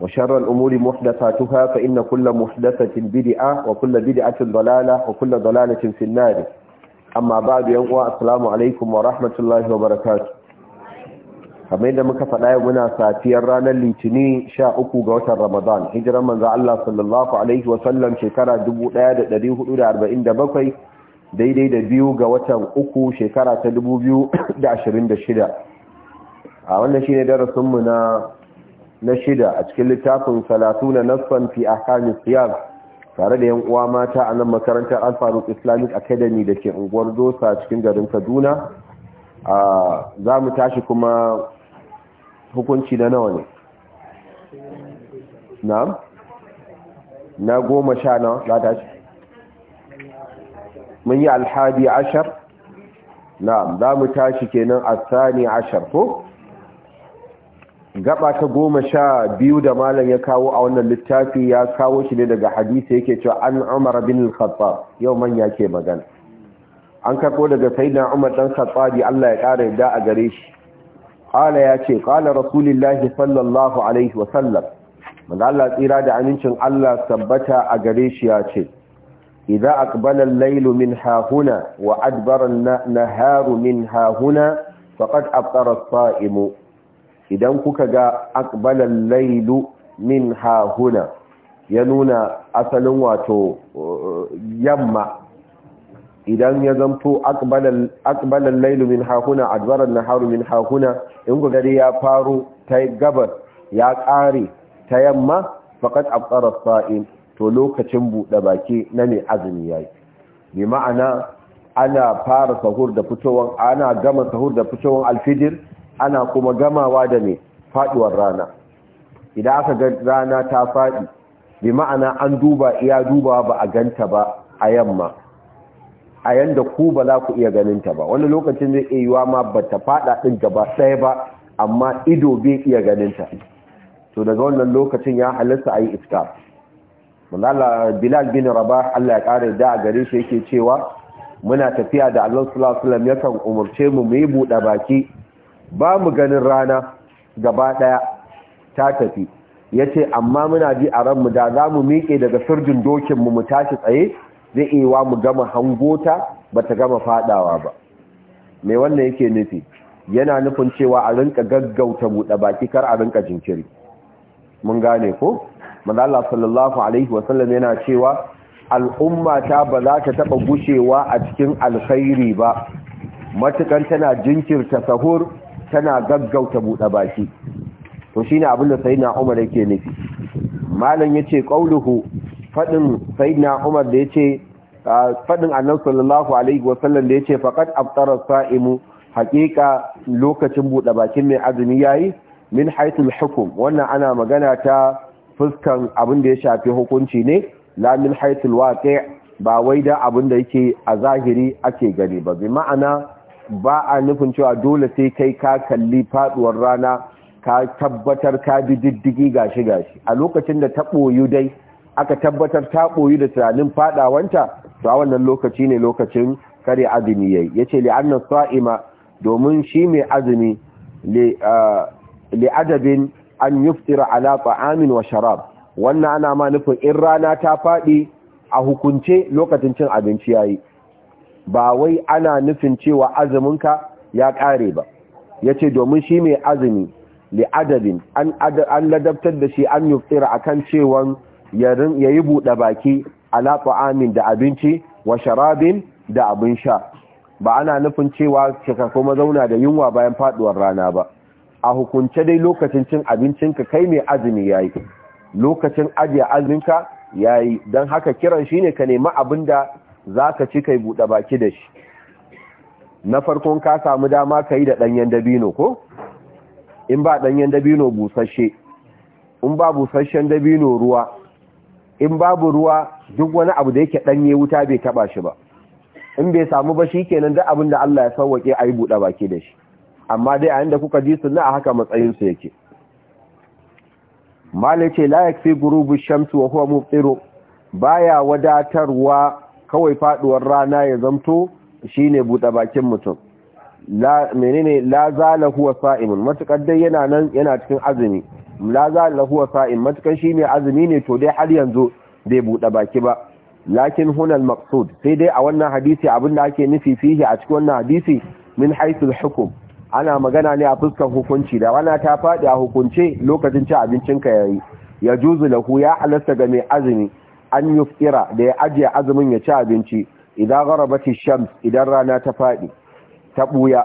وشر الأمور محدثاتها فإن كل محدثة بدعة وكل بدعة ضلالة وكل ضلالة في النار أما بعد يوم السلام عليكم ورحمة الله وبركاته kamar yadda muka faɗa yau muna safiyar ranar litini sha uku ga watan ramadan hijiran manzo Allah sallallahu alaihi wa sallam shekara 1447 daidai da biyu ga watan uku shekara ta 2026 a wannan shine darasin mu na na shida a cikin littafin Salatu na nassan fi ahkamis siyar tare da yan uwa mata a nan makarantar alfaruk islamic academy da ke unguwar dosa cikin garin kaduna za mu tashi kuma hukunci na nawa ne na goma sha na, za tashi mun yi alhadi ashar na za mu tashi kenan a sani ashar ko gaba ta goma sha biyu da malam ya kawo a wannan littafi ya kawo shi ne daga hadisi yake cewa an umar bin al-khattab yau manya ke magana an karɓo daga sayyidina umar dan khattabi Allah ya ƙara yadda a gare shi qala ya ce qala rasulullahi sallallahu alaihi wa sallam manzo Allah tsira da amincin Allah tabbata a gare shi ya ce idza aqbala al-laylu min hahuna wa adbara an-naharu min hahuna faqad aftara as-sa'imu idan kuka ga akbalan lailu min hahuna ya nuna asalin wato eh, yamma idan ya zanto akbalan lailu min hahuna adbaran naharu min hahuna in ku gari ya faru ta gabar ya ƙare ta yamma faƙat abtsarar sa'in to lokacin buɗe baki na mai azumi ya yi ma'ana ana fara sahur da fitowar ana gama sahur da fitowar alfijir ana kuma gamawa da ne faduwar rana idan aka ga rana ta fadi bi ma'ana an duba iya dubawa ba a ganta ba a yamma a yanda ku ba za ku iya ganinta ba wani lokacin zai iya yiwa ma ba ta fada din gaba ɗaya ba amma ido bai iya ganin ta. to daga wannan lokacin ya halitta ayi yi iftar bilal bin rabah allah ya ƙara da a gare shi yake cewa muna tafiya da allah sallallahu alaihi wasallam yakan umarce mu mu yi buɗe baki ba mu ganin rana gaba daya ta tafi ya ce amma muna ji a ranmu da za mu miƙe daga sirjin dokinmu mu tashi tsaye zai iya mu gama hangota ba ta gama fadawa ba mai wannan yake nufi yana nufin cewa a rinka gaggauta buɗe baki kar a rinka jinkiri mun gane ko madalla sallallahu alaihi wasallam yana cewa al'umma ta ba za ta taɓa gushewa a cikin alkhairi ba matukan tana jinkirta sahur tana gaggauta buɗe baki to shine abin da sayyidina Umar yake nufi malam yace qauluhu fadin sayyidina Umar da yace fadin Annabi sallallahu alaihi wasallam da yace faqad aftara sa'imu haqiqa lokacin buɗe bakin mai azumi yayi min haythul hukm wannan ana magana ta fuskan abin da ya shafi hukunci ne la min haythul waqi' ba wai da abin da yake a zahiri ake gani ba bi ma'ana ba a nufin cewa dole sai kai ka kalli faduwar rana ka tabbatar ka bi diddigi gashi gashi a lokacin da ta boyu dai aka tabbatar ta boyu da tunanin fadawanta to a wannan lokaci ne lokacin kare azumi yayi yace li anna sa'ima domin shi mai azumi li adabin an yuftira ala ta'amin wa sharab wannan ana ma nufin in rana ta fadi a hukunce lokacin cin abinci yayi ba wai ana nufin cewa azuminka ya kare ba ya ce domin shi mai azumi li adabin an ladabtar da shi an yuftira akan cewan ya yi buɗe baki ala amin da abinci wa sharabin da abin sha ba ana nufin cewa cika kuma zauna da yunwa bayan faduwar rana ba a hukunce dai lokacin cin ka kai mai azumi yayi lokacin ajiye azuminka yayi don haka kiran shine ka nemi abin da za ka ci kai buɗe baki da shi na farkon ka samu dama ka yi da ɗanyen dabino ko in ba ɗanyen dabino busasshe in ba busasshen dabino ruwa in babu ruwa duk wani abu da yake ɗanye wuta bai taɓa shi ba in bai samu ba shi kenan da abin da Allah ya sauwaƙe a yi buɗe baki da shi amma dai a yanda kuka ji su na a haka matsayinsu yake mala ce la yakfi gurubu shamsu wa huwa mubtiru baya wadatarwa kawai faduwar rana ya zamto shine buɗe bakin mutum la menene la zala huwa sa'imun Matuƙar dai yana nan yana cikin azumi la zala huwa sa'im matukar shi ne azumi ne to dai har yanzu bai buɗe baki ba lakin hunal maqsud sai dai a wannan hadisi abin da ake nufi fihi a cikin wannan hadisi min haythu hukum ana magana ne a fuskar hukunci da wana ta faɗi a hukunce lokacin cin abincin ka yayi ya juzu lahu ya halasta ga mai azumi an yuftira da ya ajiye azumin ya ci abinci idan gharabati shams idan rana ta fadi ta buya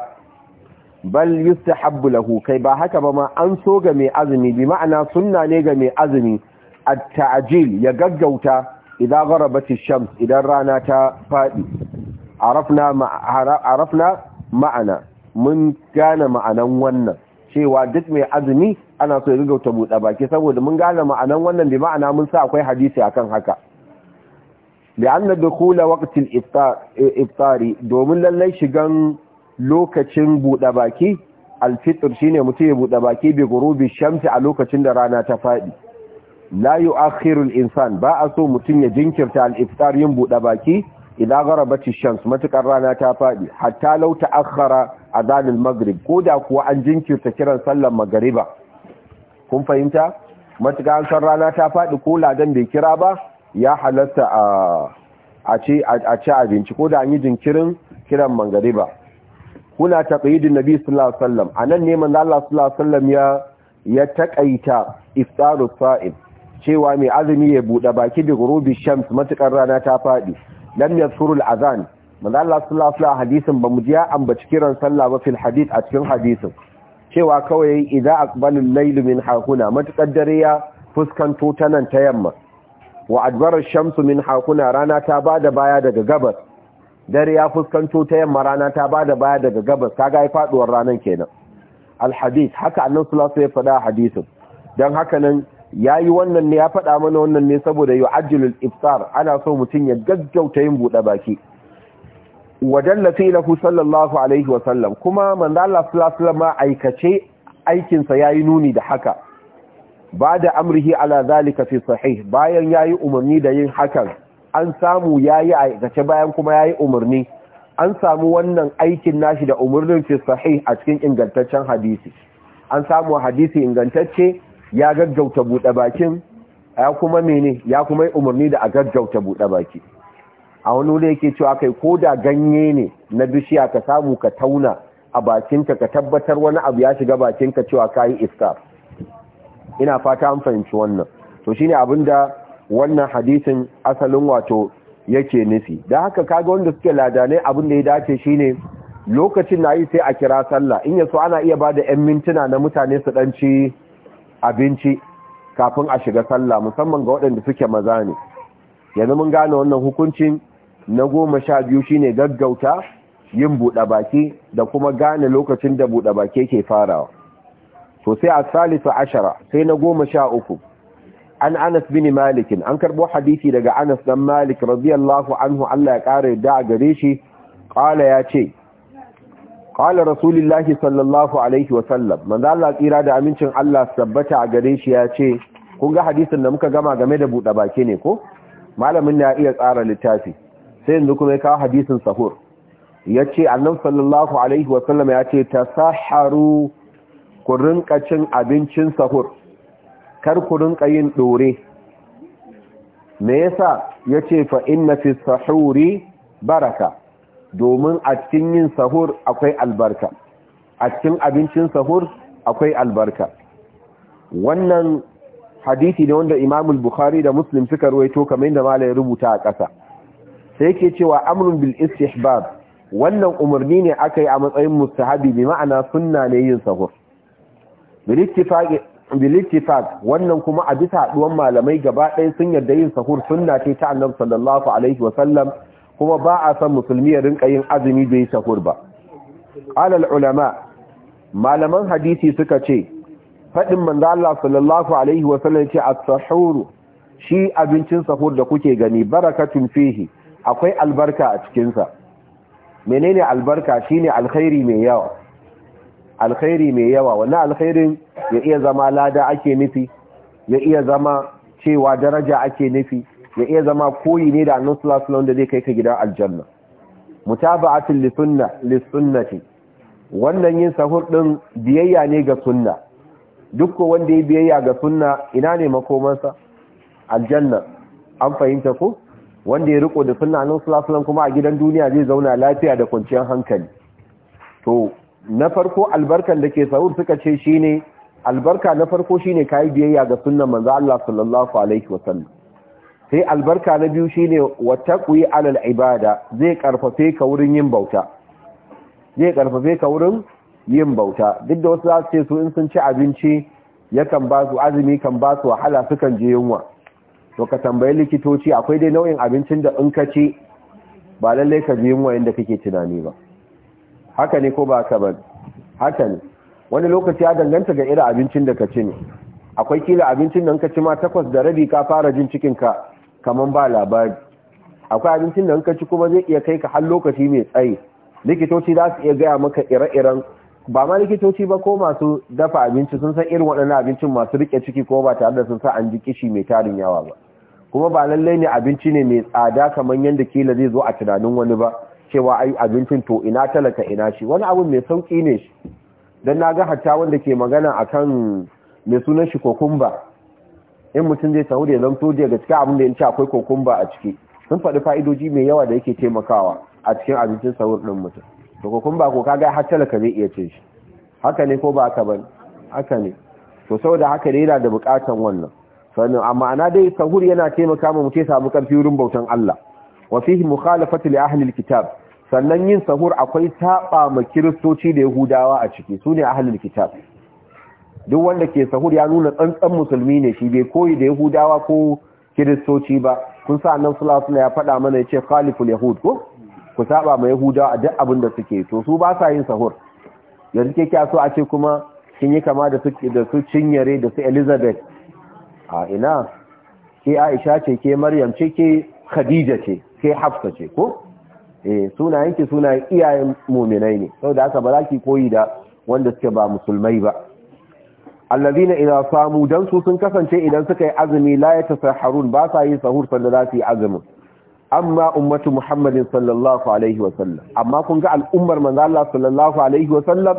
bal yustahabbu lahu kai ba haka ba ma an so ga mai azumi bi ma'ana sunna ne ga mai azumi at-ta'jil ya gaggauta idan gharabati shams idan rana ta fadi arafna ma'ana mun gane ma'anan wannan cewa duk mai azumi ana so ya gaggauta buɗe baki saboda mun gane ma'anan wannan bi ma'ana mun sa akwai hadisi akan haka bi an dukhula waqtil iftari domin lallai shigan lokacin buɗe baki alfitr shine mutum ya buɗe baki bi gurubi shamsi a lokacin da rana ta faɗi la yu'akhiru al-insan ba a so mutum ya jinkirta al-iftar yin buɗe baki idan bacci shams matukar rana ta faɗi, hatta lauta a adhan magrib ko koda kuwa an jinkirta kiran sallan magriba kun fahimta matukar san rana ta faɗi, ko ladan bai kira ba ya halatta a ce a ci abinci koda an yi jinkirin kiran magriba kuna taƙa'idin nabi sallallahu alaihi wasallam anan ne manzo Allah sallallahu alaihi ya ya iftarus sa'im cewa mai azumi ya buɗe baki da gurubi shams matukar rana ta faɗi. lam yasuru al-azan manzo Allah sallallahu alaihi wasallam hadisin bamu ji ya ambaci kiran sallah ba fil hadith a cikin hadisin cewa kawai idza aqbala al-layl min hakuna matakar dare ya fuskanto ta nan ta yamma wa adbara shamsu min hakuna rana ta bada baya daga gabas dare ya fuskanto ta yamma rana ta bada baya daga gabas kaga ai faduwar ranan kenan al-hadith haka annabi sallallahu alaihi wasallam ya faɗa hadisin dan haka nan ya yi wannan ne ya faɗa mana wannan ne saboda yi ajiyar iftar ana so mutum ya gaggauta yin buɗe baki lafi na ku sallallahu alaihi wasallam kuma manzo Allah sallallahu aikace aikinsa ya yi nuni da haka ba da amrihi ala zalika fi sahih bayan ya yi umarni da yin hakan an samu ya yi aikace bayan kuma ya yi umarni an samu wannan aikin nashi da umarnin fi sahih a cikin ingantaccen hadisi an samu hadisi ingantacce ya gaggauta buɗe bakin ya kuma mene ya kuma yi umarni da a gaggauta buɗe baki a wani wuri yake cewa kai ko da ganye ne na bishiya ka samu ka tauna a bakinka ka tabbatar wani abu ya shiga bakinka cewa ka yi iska ina fata an fahimci wannan to shine abin da wannan hadisin asalin wato yake nufi da haka kaga wanda suke ladanai abin da ya dace shine lokacin na yi sai a kira sallah in yaso ana iya ba da 'yan mintuna na mutane su ɗanci abinci kafin a shiga sallah musamman ga waɗanda suke maza ne yanzu mun gane wannan hukuncin na goma sha biyu shine gaggauta yin buɗe baki da kuma gane lokacin da buɗe baki ke farawa to sai a salisu ashara sai na goma sha uku an anas bin malikin an karɓo hadisi daga anas dan malik radiyallahu anhu allah ya ƙara yadda a gare shi ƙala ya ce qala rasulillahi sallallahu alaihi wa sallam Allah tsira da amincin Allah tabbata a gare shi ya ce kun ga hadisin da muka gama game da buɗe baki ne ko malamin na iya tsara littafi sai yanzu kuma ya kawo hadisin sahur ya ce annan sallallahu alaihi wasallam ya ce ta saharu ku cin abincin sahur kar ku rinka yin ɗore me yasa ya ce fa na fi sahuri baraka domin a cikin yin sahur akwai albarka a cikin abincin sahur akwai albarka wannan hadisi ne wanda imamul bukhari da muslim suka ruwaito kamar yadda malai rubuta a ƙasa sai ke cewa amrun bil istihbab wannan umarni ne aka yi a matsayin mustahabi bi ma'ana sunna ne yin sahur bilittifaq wannan kuma a bisa haduwan malamai gaba ɗaya sun yarda yin sahur sunna ce ta annabi sallallahu alaihi wa sallam kuma ba a san musulmi ya rinka yin azumi bai sahur ba alal ulama malaman hadisi suka ce faɗin manzo Allah sallallahu alaihi wasallam ce as-sahur shi abincin sahur da kuke gani barakatun fihi akwai albarka a cikin sa menene albarka shine alkhairi mai yawa alkhairi mai yawa wannan alkhairin ya iya zama lada ake nufi ya iya zama cewa daraja ake nufi ya iya zama koyi ne da annon sallallahu da zai kai ka gidan aljanna mutaba'atin li sunna li sunnati wannan yin sahur din biyayya ne ga sunna Dukko wanda ya biyayya ga sunna ina ne makomansa aljanna an fahimta ko wanda ya riko da sunna annon sallallahu alaihi kuma a gidan duniya zai zauna lafiya da kwanciyar hankali to na farko albarkan da ke sahur suka ce shine albarka na farko shine kai biyayya ga sunnan manzo Allah sallallahu alaihi wasallam sai albarka na biyu shine wata kuyi alal ibada zai karfafe ka wurin yin bauta zai karfafe ka wurin yin bauta duk da wasu za su ce su in sun ci abinci kan ba su azumi kan ba su wahala kan je yunwa to ka tambayi likitoci akwai dai nau'in abincin da in ka ci ba lallai ka je yunwa inda kake tunani ba haka ne ko ba ka ba haka ne wani lokaci ya danganta ga irin abincin da ka ci ne akwai kila abincin da in ka ci ma takwas da rabi ka fara jin cikin ka kaman ba labari akwai abincin da in ci kuma zai iya kai ka har lokaci mai tsayi likitoci za su iya gaya maka ire-iren ba ma likitoci ba ko masu dafa abinci sun san irin waɗannan abincin masu rike ciki ko ba tare da sun sa an ji kishi mai tarin yawa ba kuma ba lallai ne abinci ne mai tsada kamar yadda kila zai zo a tunanin wani ba cewa ai abincin to ina talaka ina shi wani abu mai sauki ne shi don na ga hatta wanda ke magana akan mai sunan shi kokumba in mutum zai samu da ya zamto daga cikin abin da ya ce akwai kokumba a ciki sun faɗi fa'idoji mai yawa da yake taimakawa a cikin abincin sahur ɗin mutum to kokumba ko kaga har talaka zai iya cin shi haka ne ko ba haka ba haka ne to saboda haka ne yana da buƙatan wannan sannan amma ana dai sahur yana taimaka mu mutum samu ƙarfi wurin bautan Allah wa fihi mukhalafatu li ahli alkitab sannan yin sahur akwai saba ma kiristoci da yahudawa a ciki sune ahli alkitab duk wanda ke sahur ya nuna tsantsan musulmi ne shi bai koyi da yahudawa ko kiristoci ba kun sa annabi suna ya faɗa mana ya yace khaliful yahud ko ku saba ma yahudawa a duk abin da suke to su ba sa yin sahur yanzu ke kya so a ce kuma kin yi kama da su da su cinyare da su elizabeth a ina ke aisha ce ke maryam ce ke khadija ce ke hafsa ce ko eh sunayen ki sunayen iyayen mu'minai ne saboda haka ba za ki koyi da wanda suke ba musulmai ba allazina idza samu dan su sun kasance idan suka yi azumi la yatasahharun ba sa yin sahur sannan za su yi azumin amma ummatu muhammadin sallallahu alaihi wa sallam amma kun ga al'ummar manzo Allah sallallahu alaihi wa sallam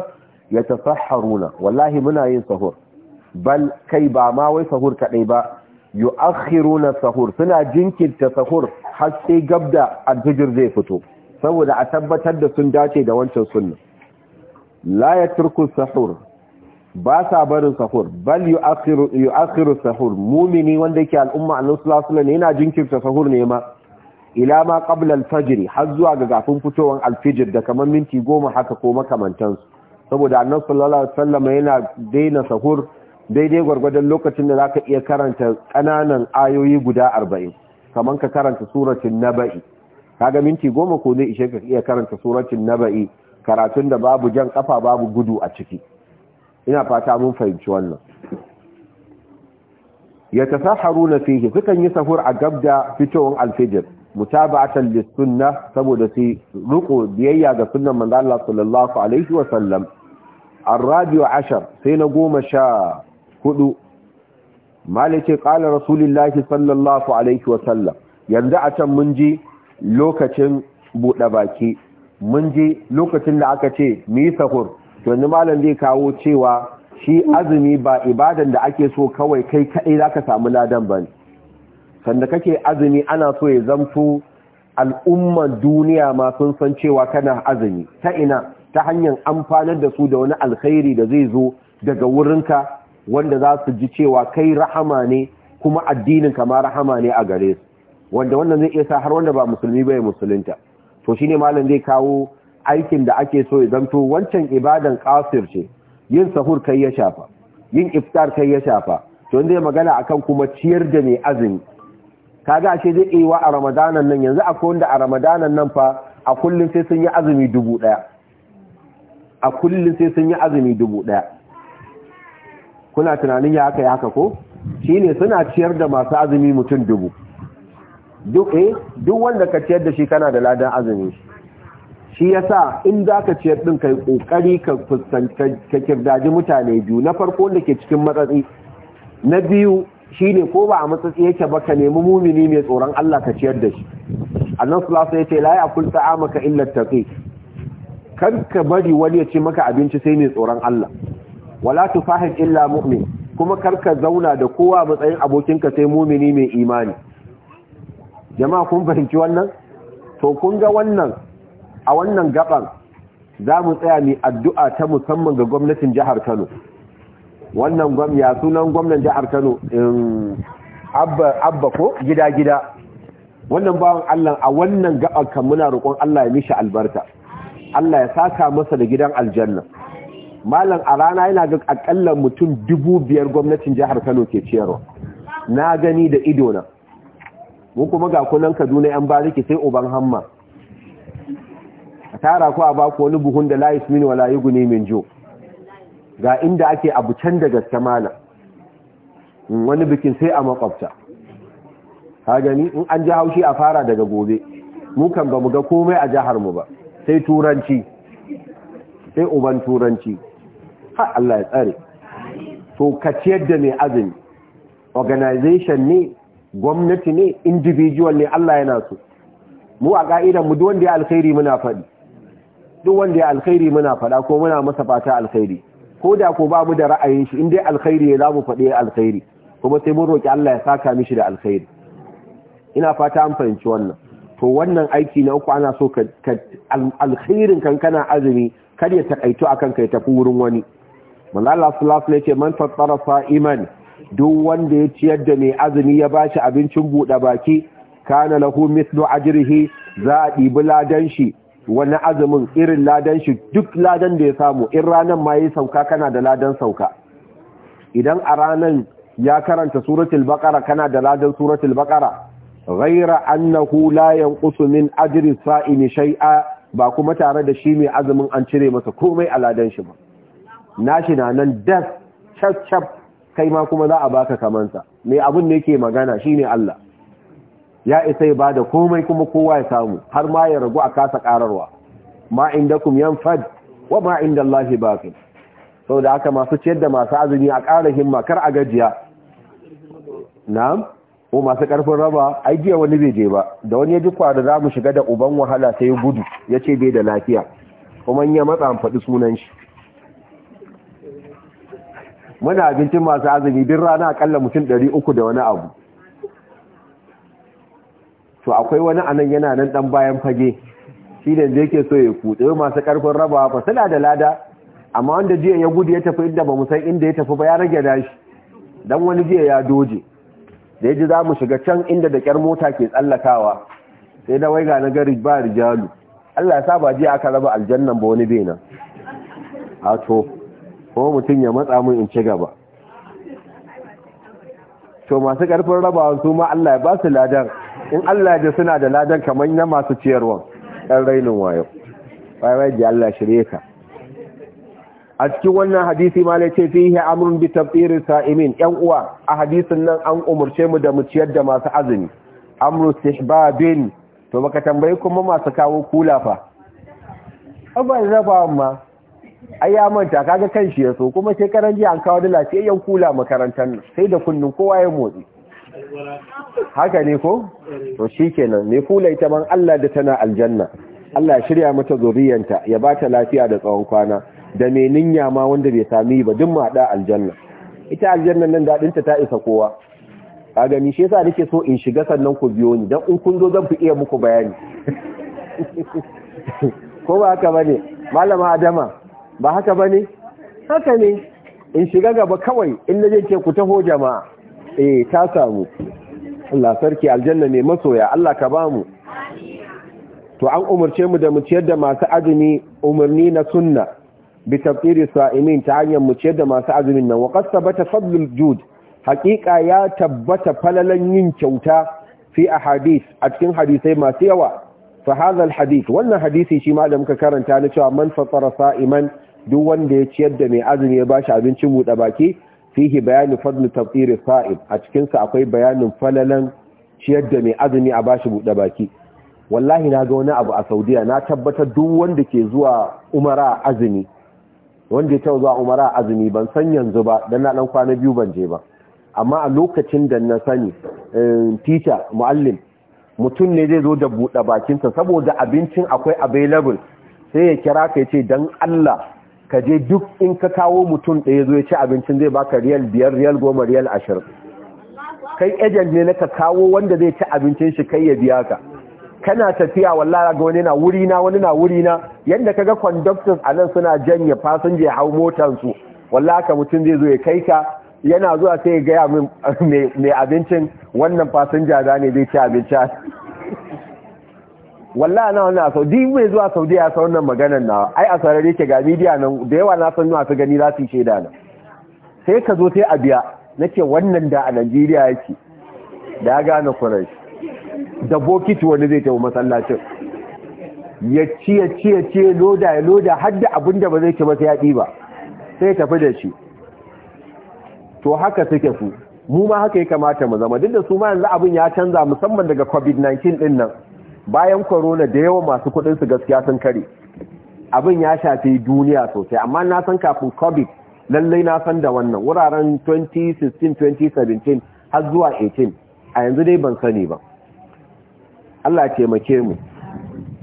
yatasahharuna wallahi muna yin sahur bal kai ba ma wai sahur kadai ba yu'akhiruna sahur suna jinkirta sahur har sai gabda al-fajr zai fito saboda a tabbatar da sun dace da wancan sunna la yatruku sahur ba sa barin sahur bal yu'akhiru sahur mumini wanda yake al'umma annabi sallallahu alaihi wasallam yana jinkirta sahur ne ma ila ma qabla al-fajr har zuwa ga gafin fitowar al-fajr da kamar minti goma haka ko makamantan su saboda annabi sallallahu alaihi wasallam yana daina sahur daidai gwargwadon lokacin da zaka iya karanta kananan ayoyi guda 40 kaman ka karanta suratul naba'i kaga minti goma ko ne ishe ka iya karanta suratul naba'i karatun da babu jan kafa babu gudu a ciki ina fata mun fahimci wannan yatasaharuna fiye sukan yi sahur a gabda fitowar alfijir mutaba'atan lis-sunnah saboda su ruko biyayya ga sunnan manzo sallallahu alaihi wa sallam ar-rabi'u ashar sai na goma sha hudu malike qala rasulullahi sallallahu alaihi wa sallam yanzu a can mun ji lokacin buɗe baki mun ji lokacin da aka ce mu yi sahur to malam zai kawo cewa shi azumi ba ibadan da ake so kawai kai kaɗai za ka samu ladan ba ne sanda kake azumi ana so ya zamto al'umman duniya ma sun san cewa kana azumi ta ina ta hanyar amfanar da su da wani alkhairi da zai zo daga wurinka wanda za su ji cewa kai rahama ne kuma addinin kama rahama ne a gare su wanda wannan zai iya sa har wanda ba musulmi ba ya musulunta to ne malam zai kawo aikin da ake so idan to wancan ibadan kafir ce yin sahur kai ya shafa yin iftar kai ya shafa to inda ya magana akan kuma ciyar da mai azumi kaga ashe zai iya wa a ramadanan nan yanzu akwai wanda a ramadanan nan fa a kullum sai sun yi azumi dubu daya a kullum sai sun yi azumi dubu daya kuna tunanin ya haka ya haka ko shine suna ciyar da masu azumi mutum dubu duk eh duk wanda ka ciyar da shi kana da ladan azumi shi yasa in za ka ciyar ɗin kai ƙoƙari ka fuskanci ka kirdaji mutane biyu na farko da ke cikin matsatsi na biyu shine ko ba a matsatsi yake baka ka nemi mumini mai tsoron Allah ka ciyar da shi annan sulasa ya ce a ya akul maka illa tafi kar ka bari wani ya ce maka abinci sai mai tsoron Allah wala fahim illa mu'min kuma kar ka zauna da kowa matsayin abokinka sai mumini mai imani jama'a kun fahimci wannan to kun ga wannan a wannan gaban za mu tsaya mai addu'a ta musamman ga gwamnatin jihar Kano wannan ya sunan gwamnan jihar Kano abba ko gida-gida wannan bawan Allah a wannan gaban kan muna roƙon Allah ya mishi Albarta. Allah ya saka masa da gidan aljanna malam a rana yana ga akalla mutum dubu biyar gwamnatin jihar Kano ke ciyarwa na gani da idona mu kuma ga kunan Kaduna yan bariki sai uban hamma tara ku a baku wani buhun da la mini wala guni min jo ga inda ake abu can da gaske malam wani bikin sai a makwabta ha gani in an ji haushi a fara daga gobe Mukan ba mu ga komai a jihar mu ba sai turanci sai uban turanci ha Allah ya tsare to ka ciyar da mai azumi organization ne gwamnati ne individual ne Allah yana so mu a ka'idan mu duk wanda ya alkhairi muna faɗi duk wanda ya alkhairi muna fada ko muna masa fata alkhairi ko da ko ba mu da ra'ayin shi in alkhairi ya zamu fadi alkhairi kuma sai mun roki Allah ya saka mishi da alkhairi ina fata an fahimci wannan to wannan aiki na uku ana so ka alkhairin kankana azumi kar ya takaito akan kai tafi wurin wani manzo Allah sallallahu alaihi wasallam man fattara sa'iman duk wanda ya ciyar da mai azumi ya bashi abincin buɗe baki kana lahu mithlu ajrihi za a ɗibi ladan shi wani azumin irin ladan shi duk ladan da ya samu in ranan ma yi sauka kana da ladan sauka idan a ranan ya karanta suratul baqara kana da ladan suratul baqara ghaira annahu la yanqusu min ajri sa'imi shay'a ba kuma tare da shi mai azumin an cire masa komai a ladan shi ba nashi na nan das chap chap kai ma kuma za a baka kamansa Me abun ne yake magana shine Allah ya isa ya bada komai kuma kowa ya samu har ma ya ragu a kasa kararwa ma inda 'Yan Fad? wa ma Allah ku Sau da haka masu ciyar da masu azumi a ƙara himma kar a gajiya Na? ko masu karfin raba ai jiya wani bai je ba da wani ya ji kwada za mu shiga da uban wahala sai gudu ya ce bai da lafiya kuma ya matsa sunan shi muna abincin masu azumi bin rana akalla mutum ɗari uku da wani abu to akwai wani anan yana nan dan bayan fage shi da yake so ya kuɗe masu ƙarfin rabawa ba suna da lada amma wanda jiya ya gudu ya tafi inda ba mu san inda ya tafi ba ya rage dashi dan wani jiya ya doje da yaji za mu shiga can inda da ƙyar mota ke tsallakawa sai da wai ga na gari ba rijalu Allah ya sa ba jiya aka raba aljannan ba wani bena a to ko mutum ya matsa mun in ci gaba to masu ƙarfin rabawa su ma Allah ya ba su ladan in Allah ya suna da ladan kamar na masu ciyarwa ɗan rainin wayo bai ji Allah shirye ka a cikin wannan hadisi ma ne ce yi Amurin bi tabtir sa'imin yan uwa a hadisin nan an umarce mu da mu ciyar da masu azumi amru sihbabin to baka tambayi kuma masu kawo kula fa ba zaba amma a ya manta kaga kan shi ya so kuma shekaran ji an kawo da lafiyayyen kula makarantar nan sai da kunnun kowa ya motsi haka ne ko to shikenan me kula ita man Allah da tana aljanna Allah ya shirya mata zuriyanta ya ba ta lafiya da tsawon kwana da me ninya ma wanda bai sami ba duk mu da aljanna ita aljanna nan dadin ta ta isa kowa ka ni shi yasa nake so in shiga sannan ku biyo ni dan in kun zo zan fi iya muku bayani ko ba haka bane malama adama ba haka bane haka ne in shiga gaba kawai in naje ce ku taho jama'a eh ta samu Allah sarki aljanna mai masoya Allah ka ba mu to an umarci mu da mu ciyar da masu azumi umarni na sunna bi tafsiri sa'imin ta hanyar mu ciyar da masu azumin nan wa qasabata fadlul jud haqiqa ya tabbata falalan yin kyauta fi ahadith a cikin hadisai masu yawa fa hadha alhadith wannan hadisi shi ma da muka karanta na cewa man fatara sa'iman duk wanda ya ciyar da mai azumi ya bashi abincin buɗe baki فيه bayani فضل تطير a cikin sa akwai bayanin falalan ciyar da mai azumi a bashi buɗe baki wallahi na ga wani abu a Saudiya na tabbatar duk wanda ke zuwa umara azumi wanda ya zuwa umara azumi ban san yanzu ba dan na ɗan kwana biyu ban je ba amma a lokacin da na sani eh, teacher muallim mutum ne zai zo da buɗe bakinsa saboda abincin akwai available sai ya kira ka ce dan Allah ka je duk in ka kawo mutum ɗaya zo ya ci abincin zai baka riyal biyar riyal goma riyal ashirin kai ejen ne na ka kawo wanda zai ci abincin shi kai ya biya ka kana tafiya wallahi ga wani na wuri na wani na wuri na yanda kaga conductors a nan suna janye fasinja ya hau motar su wallahi ka mutum zai zo ya kai ka yana zuwa sai ya gaya min mai abincin wannan fasinja za ne zai ci abincin. wallahi na wannan sau duk mai zuwa saudi ya san wannan maganar na ai a sarar yake ga media nan da yawa na san masu gani za su yi shaida na sai ka zo sai a biya nace wannan da a Najeriya yake da ya gane kurai da bokiti wani zai tafi masallacin ya ci ya ci ya ci loda ya loda har da abin da ba zai ci ba sai ya sai tafi da shi to haka suke su mu ma haka ya kamata mu zama duk da su ma yanzu abin ya canza musamman daga covid-19 din nan bayan korona, da yawa masu kudin su gaskiya sun kare abin ya shafi duniya sosai amma na san kafin covid lallai na san da wannan wuraren 2016 2017 har zuwa 18 a yanzu dai ban sani ba Allah taimake mu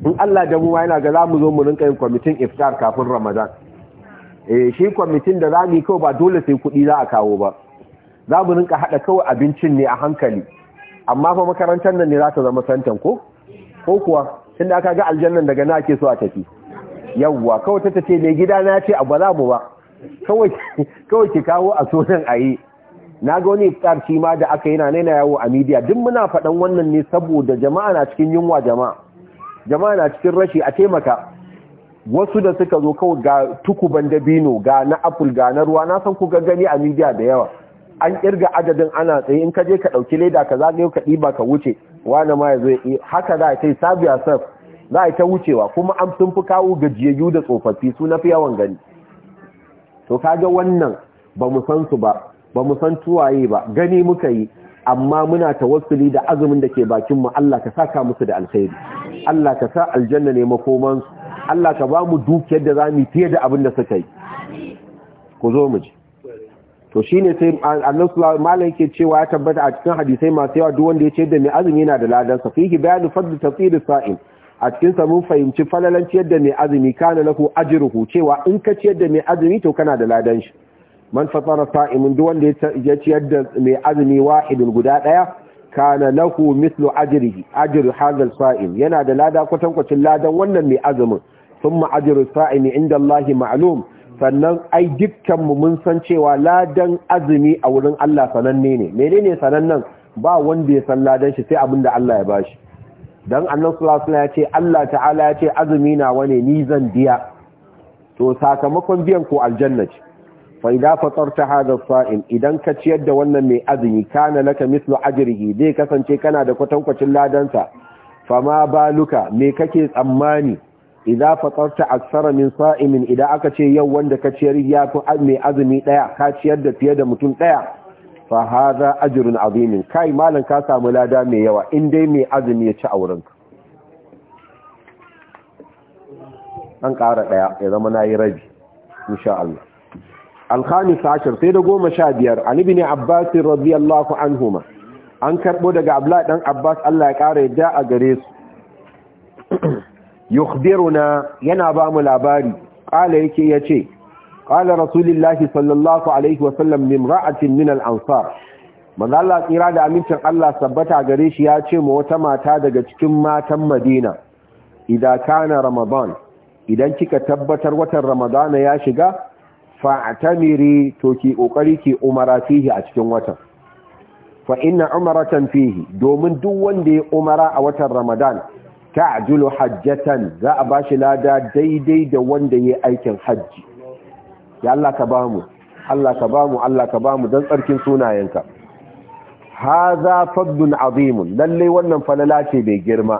in Allah da mu yana ga zamu zo mu rinka yin kwamitin iftar kafin Ramadan eh shi kwamitin da zamu yi kawai ba dole sai kuɗi za a kawo ba za mu rinka hada kawai abincin ne a hankali amma fa makarantar nan ne za ta zama santan ko ko kuwa da aka ga aljannan daga na ake so a tafi yawwa kawai ta tace mai gida na ce abu za mu ba kawai ki kawo a sonan a na ga wani ƙarshi ma da aka yi na nena yawo a midiya duk muna faɗan wannan ne saboda jama'a na cikin yunwa jama'a jama'a na cikin rashi a taimaka wasu da suka zo kawai ga tukuban dabino ga na apple ga na ruwa na san ku gani a midiya da yawa an kirga adadin ana tsaye in ka je ka ɗauki leda ka zagayo ka ɗiba ka wuce wani ma ya zo ya haka za a kai sabiya saf za a ta wucewa kuma an sun fi kawo gajiyayyu da tsofaffi su na fi yawan gani to kaga wannan ba mu san su ba ba mu san tuwaye ba gani muka yi amma muna ta tawassuli da azumin da ke bakin mu Allah ka saka musu da alkhairi Allah ka sa aljanna ne makomansu. Allah ka ba mu dukiyar da za fiye da abin da suka yi ku zo mu ji to shine sai Allah subhanahu malai yake cewa ya tabbata a cikin hadisai masu yawa duk wanda ya ce da mai azumi yana da ladan sa fihi bayanu fadl tafsir sa'im a cikin sa mun fahimci falalan ciyar da mai azumi kana lahu ajruhu cewa in ka ciyar da mai azumi to kana da ladan shi man fatara sa'imin duk wanda ya ciyar da mai azumi wahidun guda daya kana lahu mislu ajrihi ajru hadha sa'im yana da lada kwatankwacin ladan wannan mai azumin thumma ajru sa'imi inda Allah ma'lum sannan ai dukkanmu mun san cewa ladan azumi a wurin Allah sananne ne menene sanannan ba wanda ya san ladan shi sai abin da Allah ya bashi dan annabi sallallahu alaihi ya ce Allah ta'ala ya ce azumi na wane ni zan biya to sakamakon biyan ko aljanna ce fa idza fatarta hadha sa'im idan ka ciyar da wannan mai azumi kana laka mislu ajrihi zai kasance kana da kwatankwacin ladansa fama baluka me kake tsammani idza fatarta aksara min sa'imin idan aka ce yau wanda ka ciyar ya fi mai azumi daya ka ciyar da fiye da mutum daya fa hadha ajrun azim kai malan ka samu lada mai yawa in dai mai azumi ya ci auren ka an ƙara daya ya zama nayi rabi insha Allah al-khamis ashar sai da 15 an ibn abbas radiyallahu anhuma an karbo daga abla dan abbas Allah ya ƙara yadda a gare su yukhbiruna yana ba mu labari ƙala yake yace qala rasulullahi sallallahu alaihi wa sallam limra'atin min al-ansar manzo Allah tsira da amincin Allah sabbata gare shi ya ce ma wata mata daga cikin matan Madina idan kana ramadan idan kika tabbatar watan ramadana ya shiga fa'tamiri to ki kokari ki umara fihi a cikin watan fa inna umaratan fihi domin duk wanda ya umara a watan ramadan ta'julu hajjatan za a ba shi lada daidai da wanda yayi aikin hajji ya Allah ka bamu Allah ka bamu Allah ka bamu dan tsarkin sunayenka hadha fadlun azim lallai wannan falala ce bai girma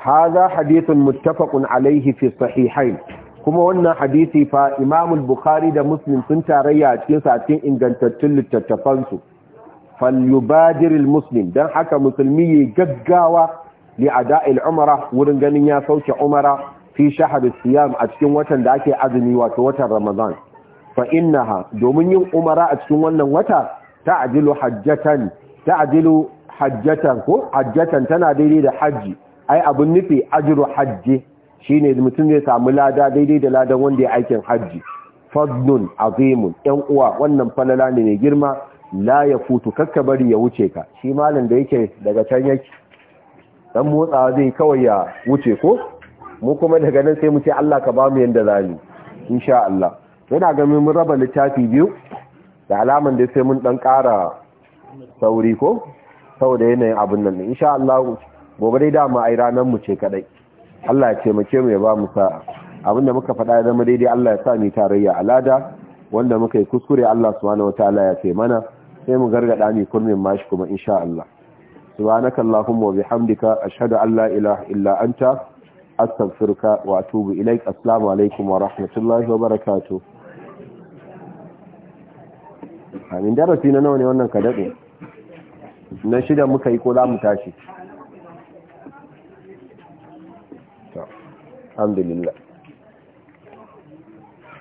hadha hadithun muttafaqun alayhi fi sahihain kuma wannan hadisi fa Imam Bukhari da Muslim sun tarayya cikin sa cikin ingantattun littattafansu falyubadiril muslim dan haka musulmi ya gaggawa li ada'il umara wurin ganin ya sauke umara fi shahar siyam a cikin watan da ake azumi wato watan ramadan fa innaha domin yin umara a cikin wannan wata ta'dilu hajjatan ta'dilu hajjatan ko hajjatan tana daidai da hajji. ai abun nufi ajru hajji shine mutum zai samu lada daidai da ladan wanda ya aikin hajji. fadlun azimun yan uwa wannan falala ne mai girma la ya futu kakka bari ya wuce ka shi malam da yake daga can yake dan motsawa zai kawai ya wuce ko mu kuma daga nan sai mu ce Allah ka ba mu yanda mu insha Allah yana ga mun raba littafi biyu da alaman da sai mun dan ƙara sauri ko saboda yanayin abin nan insha Allah gobe dai dama ai ranar mu ce kadai Allah ya ce mu ce mu ya ba mu sa'a da muka faɗa ya zama daidai Allah ya sa mu tarayya alada wanda muka yi kuskure Allah subhanahu wataala ya ce mana sai mu gargada ni kurmin mashi kuma insha Allah subhanaka allahumma wa bihamdika ashhadu an la ilaha illa anta astaghfiruka wa atubu ilaik assalamu alaikum wa rahmatullahi wa barakatuh amin darasi na nawa ne wannan ka daɗe shida muka yi ko za mu tashi